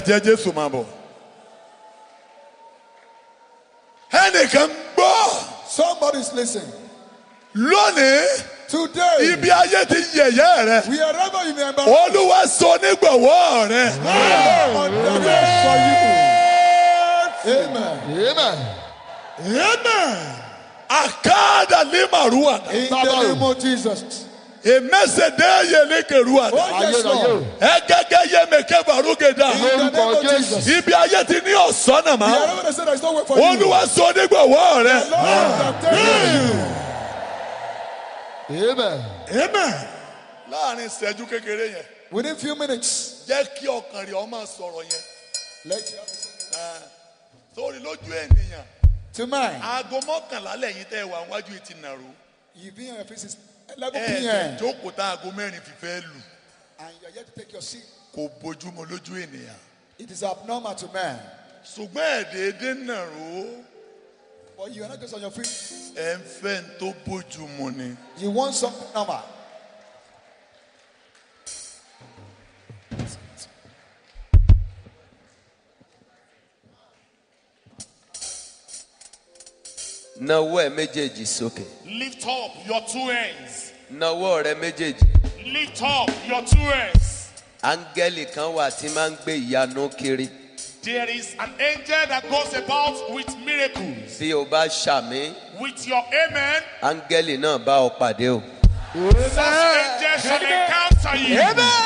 ẹ̀jẹ̀ Jésù máa bọ̀. Ẹnìkan gbọ́. Somebody is listening. Lónìí. Today. Ibi ayé ti yẹ̀yẹ́ rẹ̀. Wherever you may be. Olúwa sọ nígbàwọ́ rẹ̀. Amen. Amen. Amen. Amen. Akada limaruwa. In the name of Jesus. ìmẹ̀sẹ̀dẹ́ yẹlẹ kẹrùwà dẹ ẹgẹgẹ yẹmẹkẹ baruge dà ibi ayé ti ní ọ̀sán náà má olúwa sọ onígbọ̀wọ́ rẹ. Amen. Amen. láàrin ìṣẹ́jú kékeré yẹn. within few minutes. jẹ́ kí ọkàn rẹ̀ ọmọ sọ̀rọ̀ yẹn. let your ah. sórí lójú ènìyàn. to mine. aago mọ́kànlá lẹ́yìn tẹ́ wà wájú ti nàró. you've been on your faces ẹlẹ́bùkún jókòó tá aago mẹ́rin fi lù. and you are yet to take your seat. kò bójúmu lójú ènìyàn. it is abnormal to man. ṣùgbọ́n ẹ̀ẹ́dẹ́ẹ́dẹ́ náà rò ó. but you are not just on your feet. ẹ ń fẹ́ ń tó bójúmu ni. you want something normal. Lift up your two hands. Lift up your two hands. Áńgẹ́lì kan wà tí máa ń gbé ìyanu kiri. There is an angel that goes about with miracles. Bí o bá ṣàmì. With your amen. Áńgẹ́lì náà bá ọ pàdé o. Such angel shall encounter you. Amen.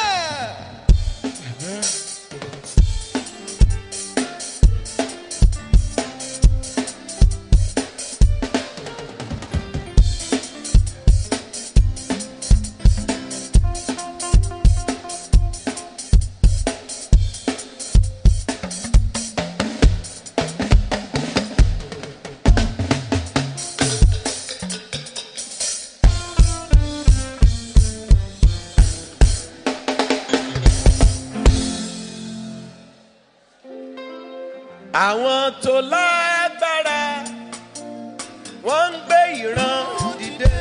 tó lágbára wọ́n ń gbé ìran dìde.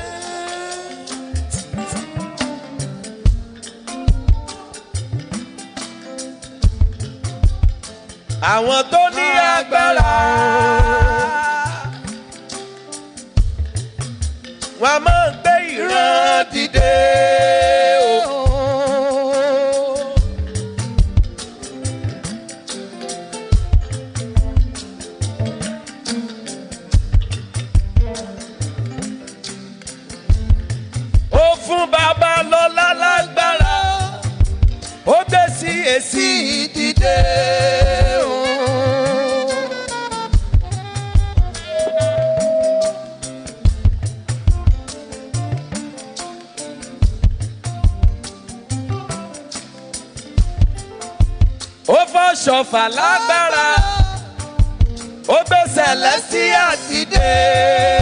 àwọn tó ní agbára wọ́n máa ń gbé ìran dìde. sọ̀fà lágbára ó gbé Celestial ti dé.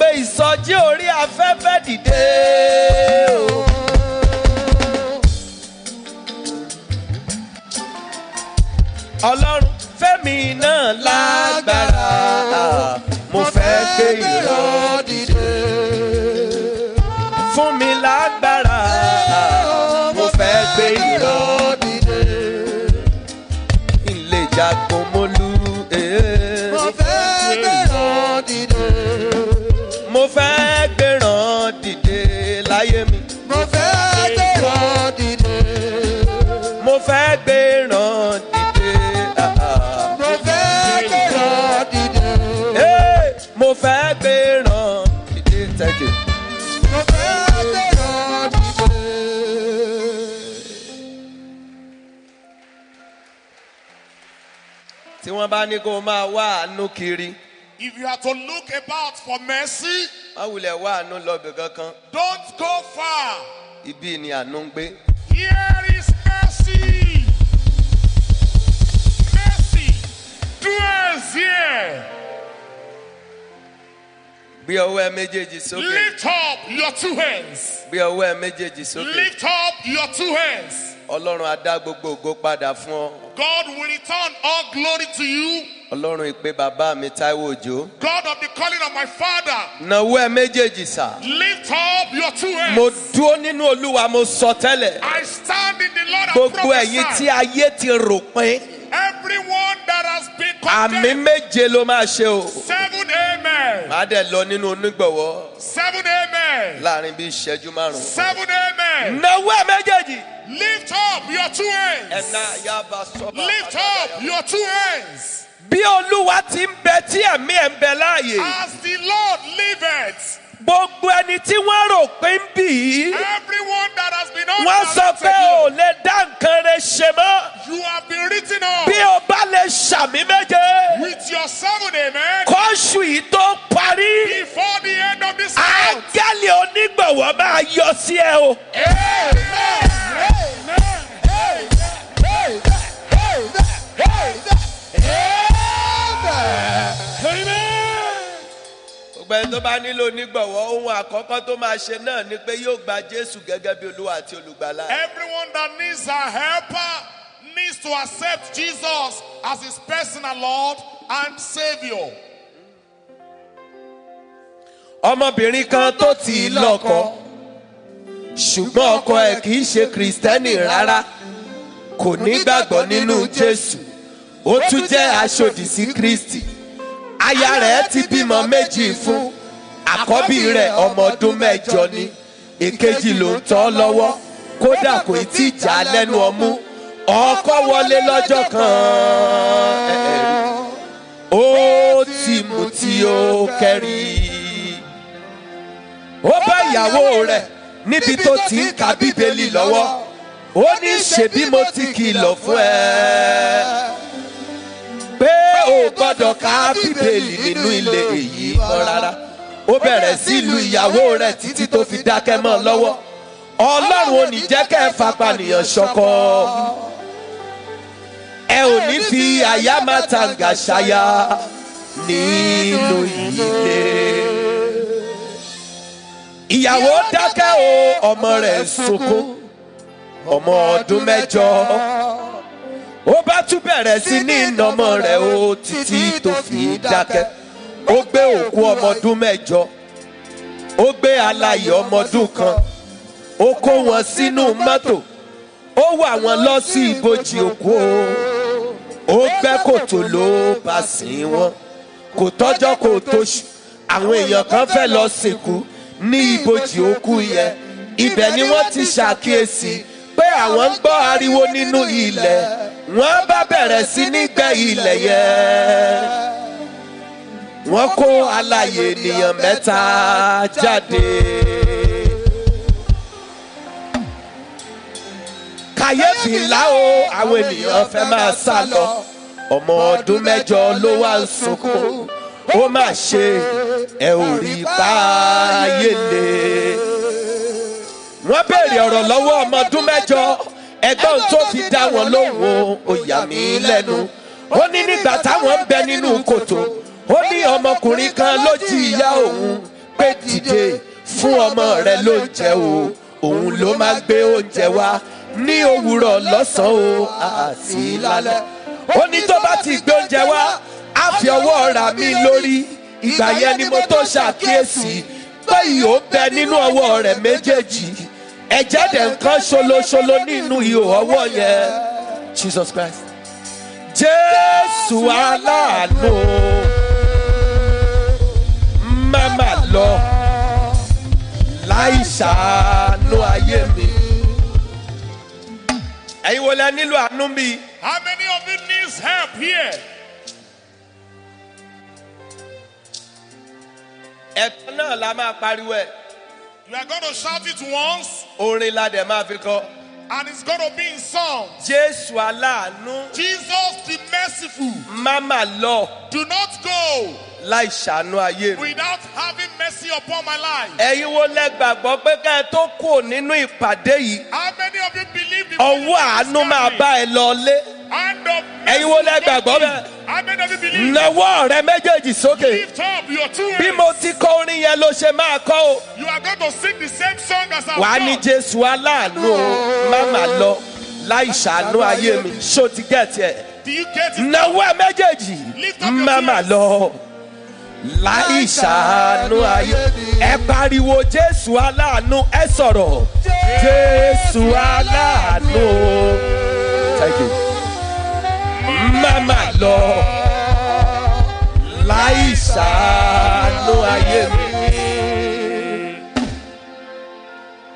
gbé ìsọjí orí afẹ́fẹ́ dìde o. ọlọ́run fẹ́mi náà lágbára mo fẹ́ gbé ìrọ̀ dìde. wọ́n bá ní kó máa wá àánú kiri. If you are to look about for mercy. Má wulẹ̀ wá àánú lọ bì kankan. Don't go far. Ibi ni àánú ń gbé. Here is mercy. Mercy. Do us here. Gbé ọwọ́ ẹ méjèèjì sókè. Lift up your two hands. Gbé ọwọ́ ẹ méjèèjì sókè. Lift up your two hands. Ọlọ́run gbogbo ògo padà fún ọ. God will return all glory to you. Ọlọ́run ìpè bàbá mi Táíwò Òjó. God of the calling of my father. Nàwó ẹ méjèèjì sà. Lift up your two hands. Mo nínú Olúwa mo sọ tẹ́lẹ̀. I stand in the Lord and prophesy. Gbogbo ẹ̀yin tí ayé ti rò pín. Everyone that has been condemned. Àmì méje ló máa ṣe o. Seven amen. Màá dẹ̀ lọ nínú onígbọ̀wọ́. Seven amen. bíi ìṣẹ́jú márùn-ún. Seven amen. Nàwó ẹ méjèèjì. Lift up your two hands. Lift up your two hands. As the Lord liveth. Gbogbo ẹni tí wọ́n rò pé ń bì í. Everyone that has been on. Wọ́n sọ pé ò lè dá nǹkan rẹ̀ ṣe mọ́. You have been written on. Bí o bá lè ṣàmì méje. With your seven amen. Kọ́ṣù yìí tó parí. Before the end of this month. Áńgẹ́lì onígbọ̀wọ́ máa yọ sí ẹ o. Amen. Amen gbogbo ẹni tó bá nílò onígbọ̀wọ́ ohun àkọ́kọ́ tó máa ṣe náà ni pé yóò gba Jésù gẹ́gẹ́ bí Olúwa àti Olùgbàlà. Everyone that needs a helper needs to accept Jesus as his personal Lord and Saviour. Ọmọbìnrin kan tó ti lọ́kọ ṣùgbọ́n ọkọ ẹ̀ kì í ṣe kìrìsìtẹ́nì rárá kò nígbàgbọ́ nínú Jésù ó tún jẹ́ aṣòdì sí Kristi aya rẹ̀ ti bímọ méjì fún àkọ́bí rẹ̀ ọmọ ọdún mẹ́jọ ni èkejì ló ń tọ́ lọ́wọ́ kódà kò tí ì já lẹ́nu ọmú ọkọ wọlé lọ́jọ́ kan ó ti mutí ó kẹ́rì ó bá ìyàwó rẹ̀ níbi tó ti ń ka bíbélì lọ́wọ́ ó ní ṣebí mo ti kìlọ̀ fún ẹ pé o gbọ́dọ̀ ká bíbélì nínú ilé èyí mọ́ rárá ó bẹ̀rẹ̀ sí ìlú ìyàwó rẹ̀ títí tó fi dákẹ́ mọ́ lọ́wọ́ ọlọ́run ò ní jẹ́ kẹ́ ẹ fapànìyàn ṣọkọ ẹ ò ní fi àyà tàǹgà ṣaya nínú ilé. ìyàwó dákẹ́ o ọmọ rẹ̀ sunkún ọmọ ọdún mẹ́jọ ó bá tún bẹ̀rẹ̀ sí ní ìnàmọ́ rẹ̀ ó títí tó fi dákẹ́ ó gbé òkú ọmọdún mẹ́jọ ó gbé aláyọ̀ ọmọdún kan ó kó wọn sínú mọ́tò ó wà wọ́n lọ sí ibojì òkú ó gbẹ́ kòtò ló bá sìn wọ́n kò tọ́jọ́ kò tóṣù àwọn èèyàn kan fẹ́ lọ sìnkú ní ibojì òkú yẹn ibẹ̀ ni wọ́n ti ṣàkíyèsí pé àwọn ń gbọ́ ariwo nínú ilẹ̀ wọ́n bá bẹ̀rẹ̀ sí ní gbẹ́ ilẹ̀ yẹn wọ́n kó alààyè ènìyàn mẹ́ta jáde. kàyéfì ńlá o àwọn ènìyàn fẹ́ máa sá lọ ọmọ ọdún mẹ́jọ ló wá ń sunkún ó mà ṣe ẹ ò rí báyé lé. wọ́n béèrè ọ̀rọ̀ lọ́wọ́ ọmọ ọdún mẹ́jọ ẹgbọ́n tó fi dá wọn lóhùn ó yà mí lẹ́nu ó ní nígbà táwọn ń bẹ nínú kòtò ó ní ọmọkùnrin kan ló jí ìyá òun pé dìde fún ọmọ rẹ lóúnjẹ o òun ló máa gbé oúnjẹ wá ní òwúrọ̀ lọ́sàn-án o àti lálẹ́ ó ní tó bá ti gbé oúnjẹ wá á fi ọwọ́ ra mi lórí ìgbà yẹn ni mo tó ṣàkíyèsí pé ìhó bẹ nínú ọwọ́ rẹ̀ méjèèjì ẹ̀jẹ̀ dẹ̀ nǹkan ṣoloṣolo nínú ihò ọwọ́ yẹn Jesus Christ Jésù aláàánú má má lọ láì ṣàánú ayé mi. ẹ̀yin wo nílò àánú mi. How many of you need help here? ẹ̀tọ́ náà la máa pariwo ẹ̀. You are going to shout it once. Orin la dẹ̀ máa fi And it's going to be in song. Jésù aláàánú. Jesus the merciful. Mama mà lọ. Do not go. Láì ṣàánú ayé mi. Without having mercy upon my life. Ẹ̀yin wo lẹ gbàgbọ́ pé ká ẹ tó kù nínú ìpàdé yìí? How many of you believe the. Ọwọ́ àánú máa bá ẹ lọ lé. Hand of mercy. Ẹ̀yin wo lẹ gbàgbọ́ bẹ́ẹ̀? Nawọ́ rẹ méjèèjì sókè. Lift up your two hands. Bí mo ti kọ orin yẹn ló ṣe máa kọ́ o. You are going to sing the same song as I was. Wàá ní Jésù aláàánú o, má mà lọ láì ṣàánú ayé mi, ṣó ti gẹ̀ẹ́tì ẹ̀. Nawọ́ méjèèjì, má mà lọ láì ṣàánú ayé ẹ pariwo jésù aláàánú ẹ sọ̀rọ̀ jésù aláàánú thank you má má lọ. ṣàánú ayé mi.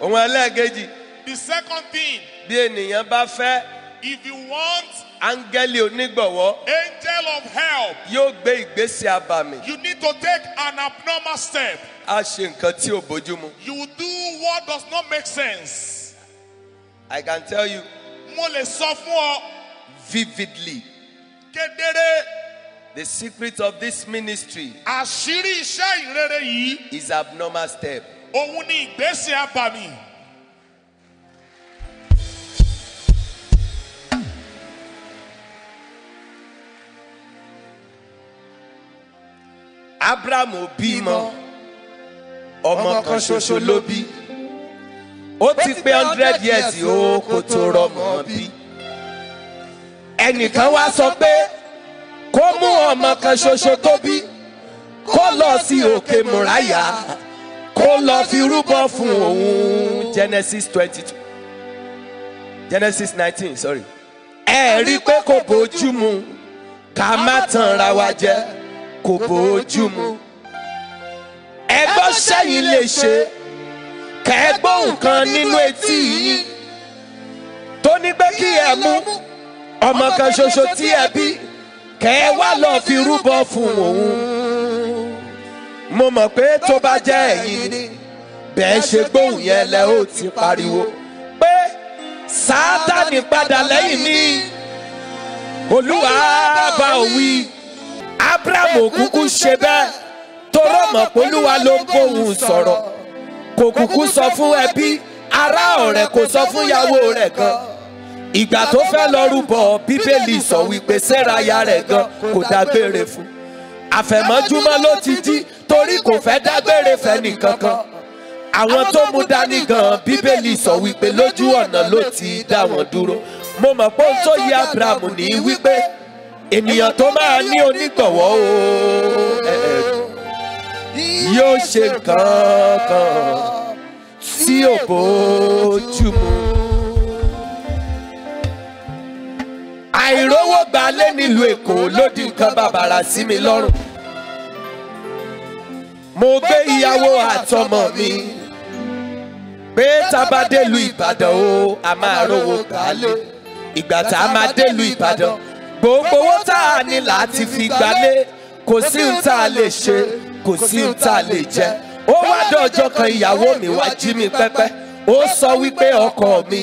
Òun ẹlẹ́ẹ̀kejì. The second thing. Bí ènìyàn bá fẹ́. If you want. Áńgẹ́lì onígbọ̀wọ́. Angel of help. Yóò gbé ìgbésẹ̀ abàmì. You need to take an abnormal step. A ṣe nǹkan tí ò bójúmu. You do what does not make sense. I can tell you. Mo lè sọ fún ọ. Vividly. Kedere. The secret of this ministry àṣírí iṣẹ́ ìrere yìí is abnormal step. Òun ni ìgbésẹ̀ abàmì. Abraham ò bímọ ọmọ kan ṣoṣo ló bí ó ti pé hundred years ó kó tó rọmọ bí ẹnìkan wá sọ pé kó mú ọmọ kan ṣoṣo tó bí kó lọ sí òkè mùráyà kó lọ fi rúbọ fún òun Genesis twenty two Genesis nineteen sorry. ẹ rí pé kò bójú mu ká má tanra wa jẹ kò bójú mu ẹgbọ́n sẹ́yìn lè ṣe kẹ́gbọ́n nǹkan nínú etí yìí tó ní pé kí ẹ mú ọmọ kan ṣoṣo tí ẹ bí kẹ́ wá lọ fi rúbọ fún òun mo mọ̀ pé tó bá jẹ́ ẹ̀yin ni bẹ́ẹ̀ ṣe gbóhùn yẹn lẹ ó ti pariwo pé sátani padà lẹ́yìn mi olúwa bá ò wí abrahamu kúkú ṣe bẹ́ẹ̀ torọ́ mọ̀ pé olúwa ló ń gbóhùn sọ̀rọ̀ kò kúkú sọ fún ẹbí ará ọ̀rẹ́ kò sọ fún ìyàwó rẹ̀ gan ìgbà tó fẹ́ lọ rúbọ bíbélì sọ wípé sẹ́ráyà rẹ̀ gan kò dágbére fún àfẹ̀mọ́júmọ́ ló ti jí torí kò fẹ́ dágbére fẹ́ni kankan àwọn tó mú dání gan bíbélì sọ wípé lójú ọ̀nà ló ti dá wọn dúró mo mọ̀ pé ohun tó yí Abraham ní wípé ènìyàn tó máa ní onígbọ̀wọ́ o yóò ṣe nǹkan kan tí alẹ́ nílùú èkó ló di nǹkan bàbàrà sí mi lọ́rùn. mo gbé ìyàwó àtọmọ mi pé tá a bá délùú ìbàdàn o a máa rówó gbálé ìgbà tá a máa délùú ìbàdàn gbogbo owó tá a ní láti fi gbálé kò sí ohun tá a lè ṣe kò sí ohun tá a lè jẹ ó wá dọ̀jọ́ kan ìyàwó mi wá jí mi pẹ́pẹ́ ó sọ wípé ọkọ mi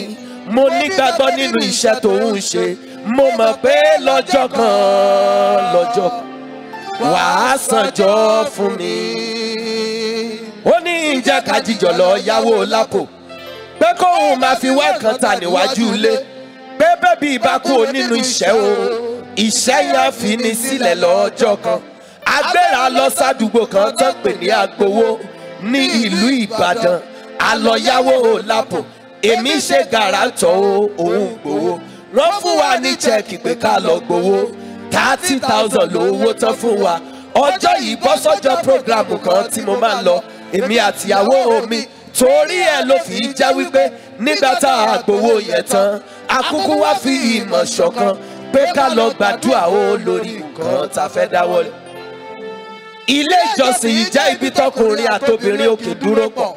mo nígbàgbọ́ nínú iṣẹ́ tó ń ṣe mo mọ̀ pé lọ́jọ́ kan lọ́jọ́ wàá sànjọ́ fún mi. ó ní ìjẹ́ ká jíjọ lọ yáwó lápò pé kóun máa fi wá nǹkan ta níwájú ilé pé bẹ́bí ibà kú nínú iṣẹ́ o iṣẹ́ yẹn fi ni sílẹ̀ lọ́jọ́ kan agbéra lọ sádùúgbò kan tó pè ní agbowó ní ìlú Ìbàdàn àlọ́ yáwó lápò èmi ṣe gàràtọ̀ òun gbowó ló fún wa ní chẹ́ẹ̀kì pé ká lọ gbowó thirty thousand lówó tán fún wa ọjọ́ yìí bọ́ sọ́jọ́ program kan tí mo máa ń lọ èmi àtìyàwó mi torí ẹ̀ ló fi já wípé nígbà tá a gbowó yẹn tán akúkú wá fi ìmọ̀ ṣọ̀kan pé ká lọ gbàdúrà ó lórí nǹkan tá a fẹ́ dáwọ́lé. ilé ìjọsìn yìí jẹ́ ibi tọkùnrin àtobìnrin òkè dúró pọ̀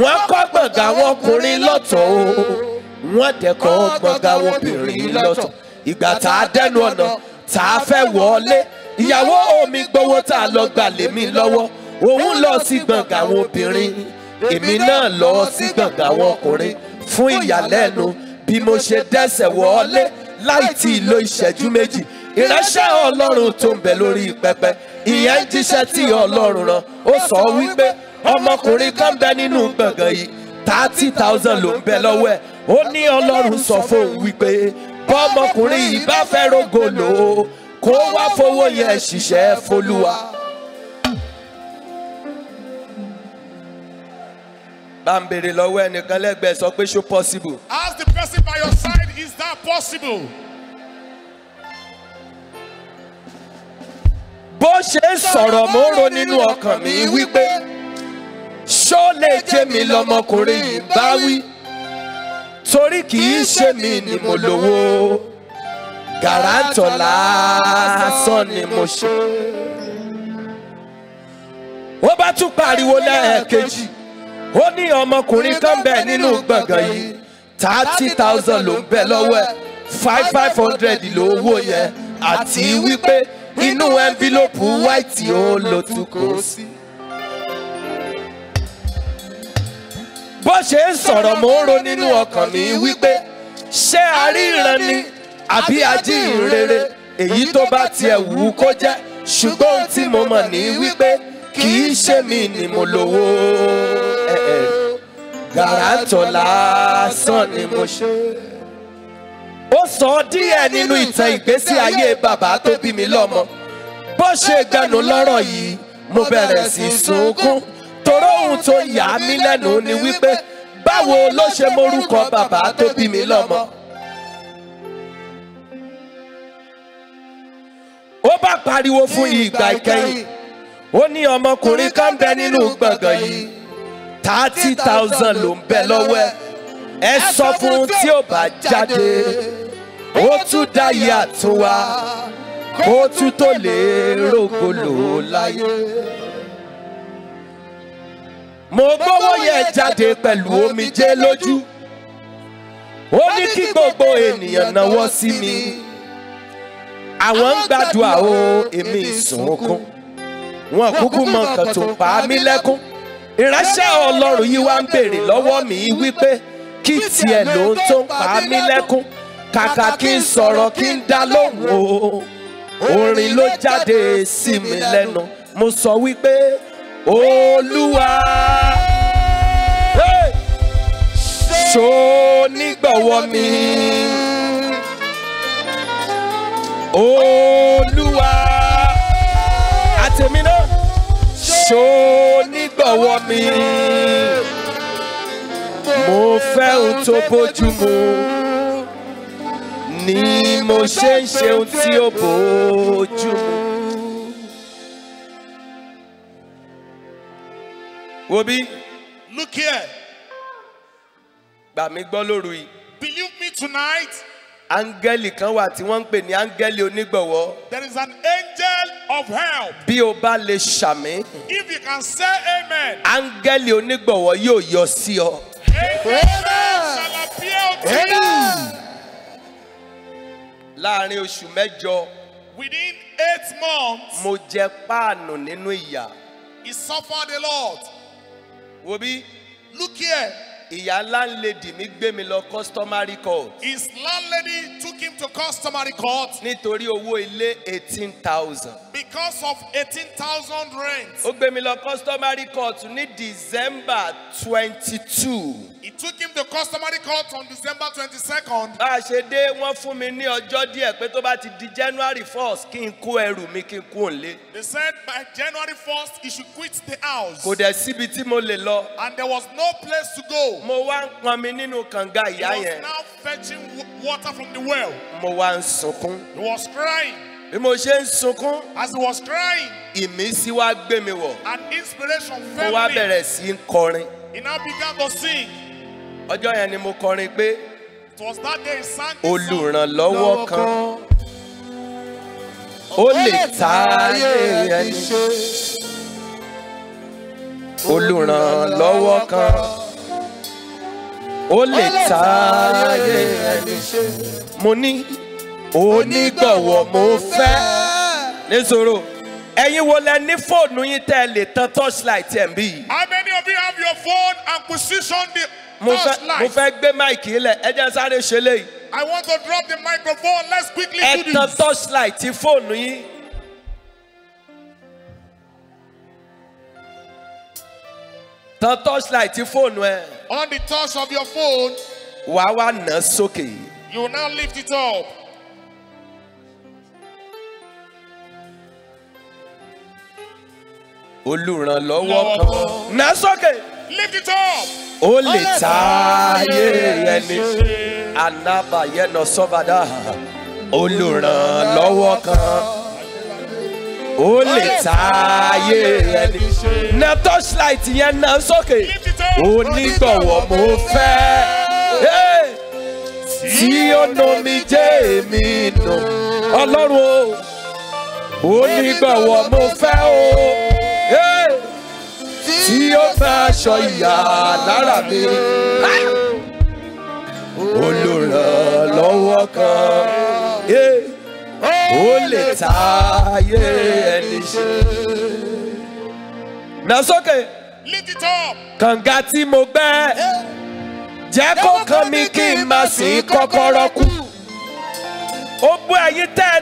wọ́n kọ́ gbọ̀ngàn àwọn ọkùnrin lọ́tọ̀ọ́ wọ́n dẹ̀kọ́ gbọ̀ngàn obìnrin lọ́tọ̀ ìgbà tá a dẹnu ọ̀nà tá a fẹ́ wọlé ìyàwó omi gbowó tá a lọ gbà lèmi lọ́wọ́ òun lọ sí gbọ̀ngàn àwọn obìnrin èmi náà lọ sí gbọ̀ngàn àwọn ọkùnrin fún ìyàlẹ́nu bí mo ṣe dẹ́sẹ̀ wọlé láì tí ì lo ìṣẹ́jú méjì ìránṣẹ́ ọlọ́run tó ń bẹ lórí pẹpẹ ìyẹn jíṣẹ́ tí ọlọ́run rán ó sọ wípé ọmọkùnrin kan bẹ nínú gbọ̀ngàn yìí thirty thousand ló ń bẹ lọ́wọ́ ẹ̀ ó ní ọlọ́run sọ fún un wípé bọ́mọkùnrin yìí fẹ́ rògbòlò kó wá fowó yẹn ṣiṣẹ́ fólúwa. bá ń béèrè lọ́wọ́ ẹnìkan lẹ́gbẹ̀ẹ́ sọ pé ṣó possible. ask the person by your side is that possible. bó ṣe ń sọ̀rọ̀ mò ń ro nínú ọkàn mi wípé ṣó lè jẹ́ mi lọ́mọkùnrin yìí bá wí torí kì í ṣe mi ni mo lówó gàràǹtọ̀ lásán ni mo ṣe. ó bá tún pariwo lẹ́ẹ̀kejì ó ní ọmọkùnrin kan bẹ̀ nínú gbọ̀ngàn yìí thirty thousand ló ń bẹ lọ́wọ́ ẹ̀ five five hundred lówó yẹn àti wípé inú envelope white ó lo tún sí. bó ṣe ń sọ̀rọ̀ mò ń ro nínú ọkàn mi wípé ṣé aríran ni àbí ajínrere èyí tó bá tiẹ̀ wù kó jẹ́ ṣùgbọ́n ohun tí mo mọ̀ ní wípé kì í ṣe mi ni mo lówó gàràtọ̀ lásán ni mo ṣe. ó sọ díẹ̀ nínú ìtàn ìgbésí ayé bàbá tó bí mi lọ́mọ bó ṣe gbẹnu lọ́rọ̀ yìí mo bẹ̀rẹ̀ sí sunkún ohun tó yà mí lẹ́nu ni wípé báwo ló ṣe morúkọ bàbá tó bí mi lọ́mọ. ó bá pariwo fún ìgbà ìkẹyìn ó ní ọmọkùnrin kan bẹ nínú gbọ̀ngàn yìí thirty thousand ló ń bẹ lọ́wọ́ ẹ ẹ sọ fún un tí ó bá jáde ó tún dá iye àtúnwá kó tún tó lè rògbòlò láyé mo gbọ́wọ́ yẹn jáde pẹ̀lú omijé lójú ó ní kí gbogbo ènìyàn náwó sí mi àwọn ń gbàdúrà o èmi ìsúnkún wọn kúkú mọ nǹkan tó ń pa mí lẹ́kún ìránṣẹ́ ọlọ́run yìí wá ń béèrè lọ́wọ́ mi wípé kí tiẹ̀ ló tó ń pa mí lẹ́kún kàkà kí n sọ̀rọ̀ kí n dá lóhùn o orin ló jáde sí mi lẹ́nu mo sọ wípé olúwa so nígbọ̀wọ́ mi olúwa àtẹ̀mí náà so nígbọ̀wọ́ mi mo fẹ́ ohun tó bójú mu ni mo ṣe ń ṣe ohun tí ó bójú mu. Wo Look here. Gbà mí gbọ́ lóru yìí. Believe me tonight. Áńgẹ́lì kan wà tí wọ́n ń pè ní áńgẹ́lì onígbọ̀wọ́. There is an angel of help. Bí o bá lè ṣàmì. If you can say amen. Áńgẹ́lì onígbọ̀wọ́ yóò yọ sí ọ. Amen you. Láàárín oṣù mẹ́jọ. Within eight months. Mo jẹ páànù nínú ìyà. He suffered a lot. Obi, look here. Ìyá landlady mi gbé mi lọ customary court. His landlady took him to customary court. Nítorí owó ilé eighteen thousand. Because of eighteen thousand rent. Ó gbé mi lọ customary court ní December twenty-two. He took him to customary court on December twenty-second. Bá a ṣe dé, wọ́n fún mi ní ọjọ́ díẹ̀ pé tó bá ti di January first kí n kó ẹrù mi kí n kú òǹlé. They said by January first he should quit the house. Kò dẹ̀ síbi tí mo lè lọ. And there was no place to go mo wá ń pọnmi nínú kànga ìyá yẹn. he was now fetching water from the well. mo wá ń sunkún. he was crying. bí mo ṣe ń sunkún. as he was crying. ìmísí wá gbé mi wọ̀. an inspiration fell me. mo wá bẹ̀rẹ̀ sí í kọrin. he now began to sing. ọjọ́ yẹn ni mo kọrin pé. it was that day he sang olùrànlọ́wọ́ kan. ó lè tayé ẹni. olùrànlọ́wọ́ kan ó lè táyé ẹni ṣe. mo ní onígbọ̀wọ́ mo fẹ́ nísòro ẹ̀yin wo lẹ ní fóònù yín tẹ́ ẹ lè tan torchlight ẹ̀ bí how many of you have your phone and position the torchlight. mo fẹ́ gbé máìkì lẹ̀ ẹ jẹ́ sáré ṣe léyìí. I want to drop the microphone let's quickly do this. ẹ tan torchlight fóònù yín. Tan torchlight fóònù ẹ. On the touch of your phone. Wàá wá nà sókè. You now lift it up. Olùrànlọ́wọ́ kan. Nà sókè. Lift it up. Ó lè táyé ẹni. Anábàyẹ̀nà sọ́bàdà. Olùrànlọ́wọ́ kan ó lè táyé ẹni. na torchlight yẹn náà sókè onígbọ̀wọ́ mo fẹ́. tí ó nu mi jẹ́ èmi nù ọlọ́run o onígbọ̀wọ́ mo fẹ́ o. tí ó bá aṣọ ìyà lára mi olùrànlọ́wọ́ kan ó lè ta ayé ẹni ṣe. nà sókè. lift it up. kànga tí mo gbẹ́ jẹ́ kó kan mi kí n má sí kọ́kọ́rọ́ kú. ó gbé ayé tẹ́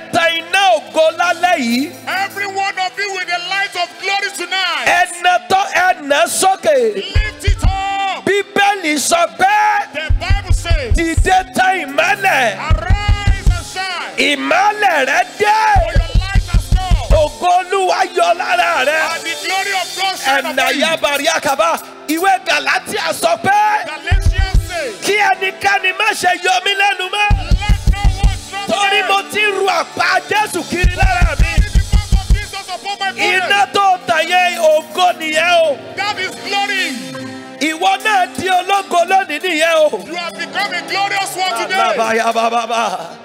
Kabaya Baba.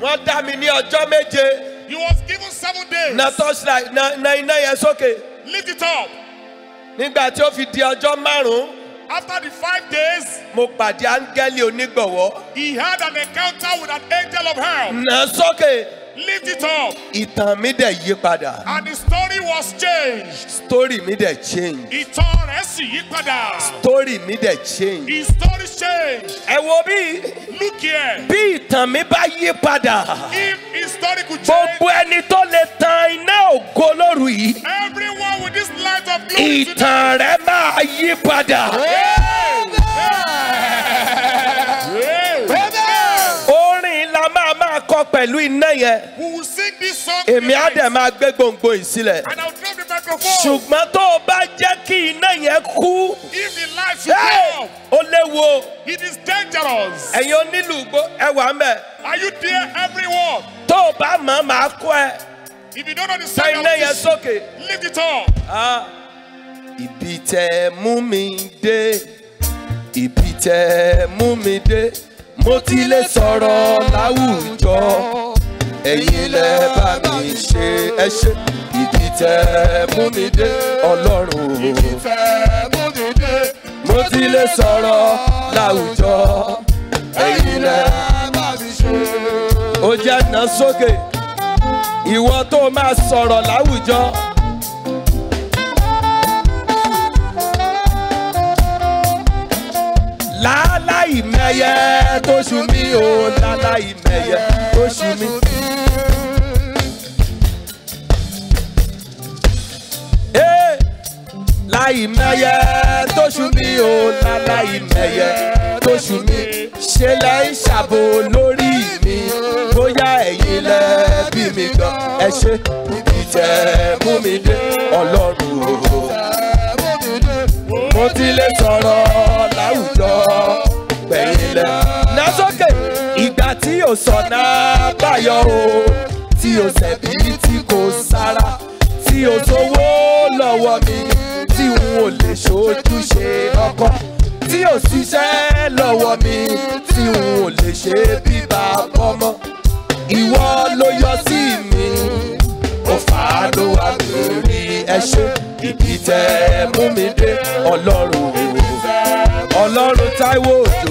Wọ́n dá mi ní ọjọ́ méje. You was given seven days. Na torchlight na na iná yẹn sókè. Lift it up. Nígbà tí ó fi di ọjọ́ márùn-ún. After the five days. Mo pàdé áńgẹ́lì onígbọ̀wọ́. He had an encounter with an angel of hell. Nà sókè. Lift it up. Ìtàn mi dẹ̀ yí padà. And the story was changed. Story mi dẹ̀ changed. Ìtàn rẹ̀ sì yí padà. Story mi dẹ̀ changed. His story changed. Ẹ wo bí. Look here. Bí ìtàn mi bá yí padà. If his story could change. Gbogbo ẹni tó lè tan iná ògo lóru yìí. Everyone with this light of glory today. Ìtàn rẹ̀ máa yí padà. Yeah. Yeah. pẹ̀lú iná yẹn èmi á dẹ̀ máa gbé gbòǹgbò yìí sílẹ̀ ṣùgbọ́n tó o bá jẹ́ kí iná yẹn kú ó léwu ẹ̀yin onílù ẹ wà mẹ́. Are you there everyone? tó o bá mọ̀ máa kọ́ ẹ. If you don't understand your life, sókè. it up. Ah. Ibi tẹ́ mú mi dé, ibi tẹ́ mú mi dé mo ti lè sọ̀rọ̀ láwùjọ ẹ̀yin lẹ bá mi ṣe ẹ ṣe ìdí tẹ́ mú mi dé ọlọ́run o ìdí tẹ́ mú mi dé mo ti lè sọ̀rọ̀ láwùjọ ẹ̀yin lẹ bá mi ṣe. ó jẹ́ ná sókè ìwọ tó máa sọ̀rọ̀ láwùjọ. làálàá ìmẹ̀yẹ tóṣù mi ò lálá ìmẹ̀yẹ tóṣù mi. Eh, láì mẹ̀yẹ tóṣù mi ò lálá ìmẹ̀yẹ tóṣù mi ṣe lẹ́ ń ṣàbò lórí mi bóyá ẹ̀yin lẹ bí mi gan ẹ ṣe ibi tẹ mú mi dé ọlọ́run o mo ti lè sọ̀rọ̀ láwùjọ rẹ̀ náà sókè ìgbà tí ò sọ̀nà báyọ̀ o tí ò ṣẹ̀bí tí kò sára tí ò sówó lọ́wọ́ mi tí n ò lè ṣojúṣe ọkọ tí ò ṣiṣẹ́ lọ́wọ́ mi tí n ò lè ṣe bíbá ọmọ ìwọ ló yọ sí mi ó fà á ló wá mi rí ẹ ṣe mú mi dé ọlọ́run ọlọ́run Táíwò òjò.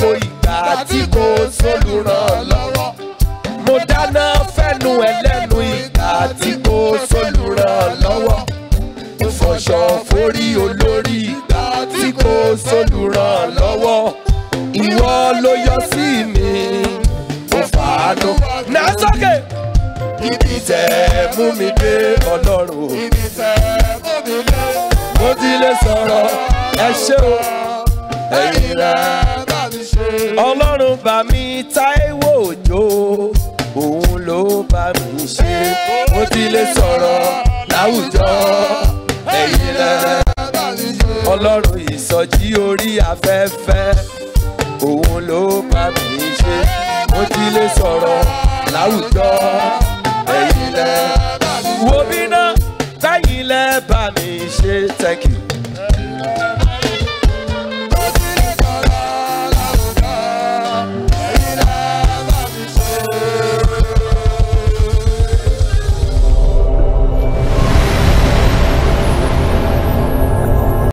kó ìgbà tí kò sólùràn. Táíwò Òjó òun ló bá mi ṣe mo ti lè sọ̀rọ̀ láwùjọ ẹ̀yìn rẹ̀ ọlọ́run ìsọjí orí afẹ́fẹ́ òun ló bá mi ṣe mo ti lè sọ̀rọ̀ láwùjọ ẹ̀yìn rẹ̀ wo bí náà táyìn lẹ́ bá mi ṣe thank